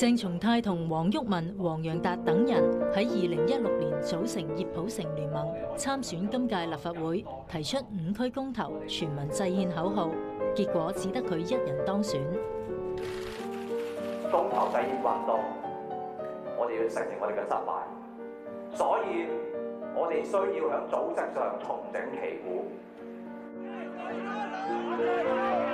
鄭松泰同黃毓民、黃洋達等人喺2016年組成熱普城聯盟參選今屆立法會，提出五區公投、全民制憲口號，結果只得佢一人當選。公投制憲運動，我哋要承認我哋嘅失敗，所以我哋需要喺組織上重整旗鼓。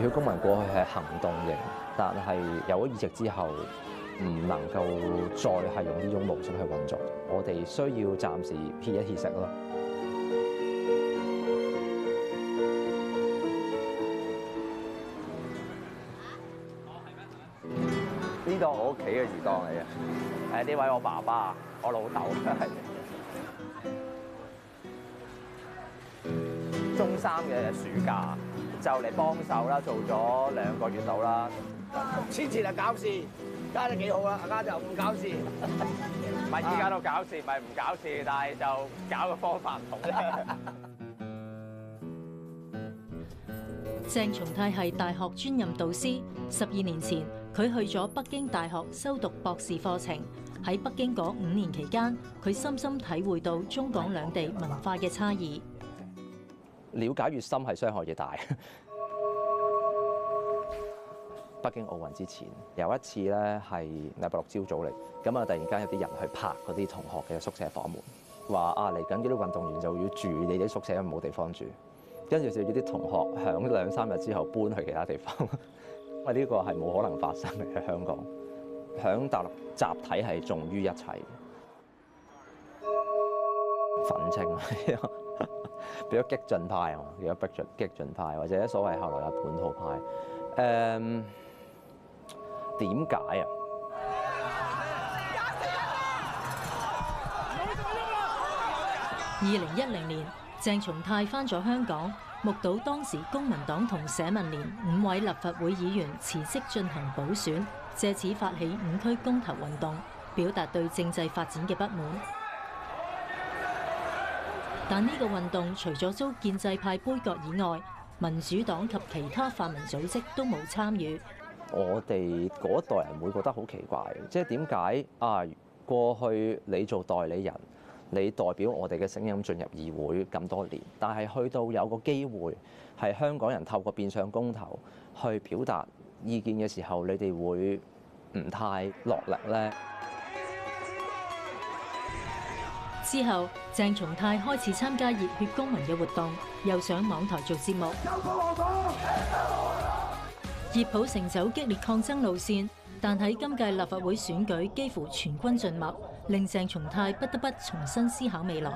而佢公民過去係行動型，但係有咗議席之後，唔能夠再係用呢種模式去運作。我哋需要暫時撇一歇息咯。呢檔、啊 oh，我屋企嘅魚檔嚟嘅，誒呢位我爸爸，我老豆係中三嘅暑假。就嚟幫手啦，做咗兩個月到啦。先前就搞事，而家都幾好啊，而家就唔搞事。唔係而家都搞事，唔係唔搞事，但係就搞個方法唔同啦。鄭松泰係大學專任導師，十二年前佢去咗北京大學修讀博士課程。喺北京嗰五年期間，佢深深體會到中港兩地文化嘅差異。了解越深，係傷害越大。 北京奧運之前有一次咧，係禮拜六朝早嚟，咁啊突然間有啲人去拍嗰啲同學嘅宿舍房門，話啊嚟緊啲運動員就要住你啲宿舍，因冇地方住，跟住就要啲同學響兩三日之後搬去其他地方。因 呢、啊這個係冇可能發生嘅喺香港，響大陸集體係重於一切。憤青啊！變咗激進派，變咗激進激進派，或者所謂後來嘅本土派。誒點解啊？二零一零年，鄭松泰翻咗香港，目睹當時公民黨同社民連五位立法會議員辭職進行補選，藉此發起五區公投運動，表達對政制發展嘅不滿。但呢個運動除咗遭建制派杯葛以外，民主黨及其他泛民組織都冇參與。我哋嗰一代人會覺得好奇怪，即係點解啊？過去你做代理人，你代表我哋嘅聲音進入議會咁多年，但係去到有個機會，係香港人透過變相公投去表達意見嘅時候，你哋會唔太落力咧？之後，鄭松泰開始參加熱血公民嘅活動，又上網台做節目。熱普城走激烈抗爭路線，但喺今屆立法會選舉幾乎全軍盡墨，令鄭松泰不得不重新思考未來。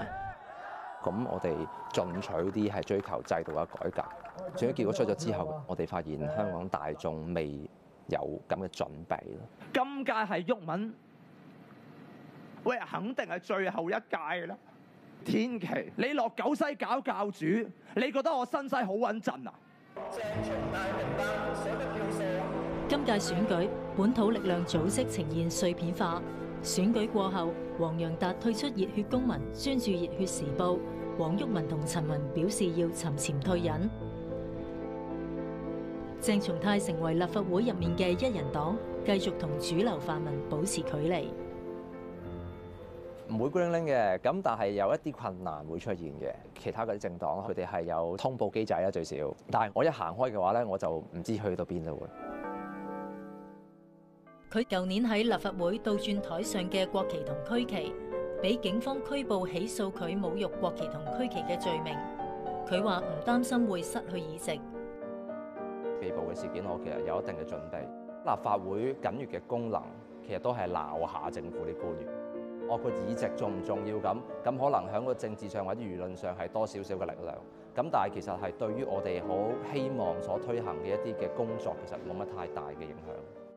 咁我哋進取啲係追求制度嘅改革，最後結果出咗之後，我哋發現香港大眾未有咁嘅準備咯。今屆係鬱文。喂，肯定係最後一屆嘅啦！天奇，你落九西搞教主，你覺得我身世好穩陣啊？鄭松泰明白，捨得跳蛇。今屆選舉，本土力量組織呈現碎片化。選舉過後，黃洋達退出熱血公民，專注熱血時報。黃毓民同陳雲表示要沉潛退隱。鄭松泰成為立法會入面嘅一人黨，繼續同主流泛民保持距離。唔會孤零零嘅，咁但係有一啲困難會出現嘅。其他嗰啲政黨，佢哋係有通報機制啦，最少。但係我一行開嘅話咧，我就唔知去到邊度啦。佢舊年喺立法會倒轉台上嘅國旗同區旗，俾警方拘捕起訴佢侮辱國旗同區旗嘅罪名。佢話唔擔心會失去議席。被捕嘅事件，我其實有一定嘅準備。立法會僅餘嘅功能，其實都係鬧下政府啲官員。我個、哦、議席重唔重要咁？咁可能響個政治上或者輿論上係多少少嘅力量。咁但係其實係對於我哋好希望所推行嘅一啲嘅工作，其實冇乜太大嘅影響。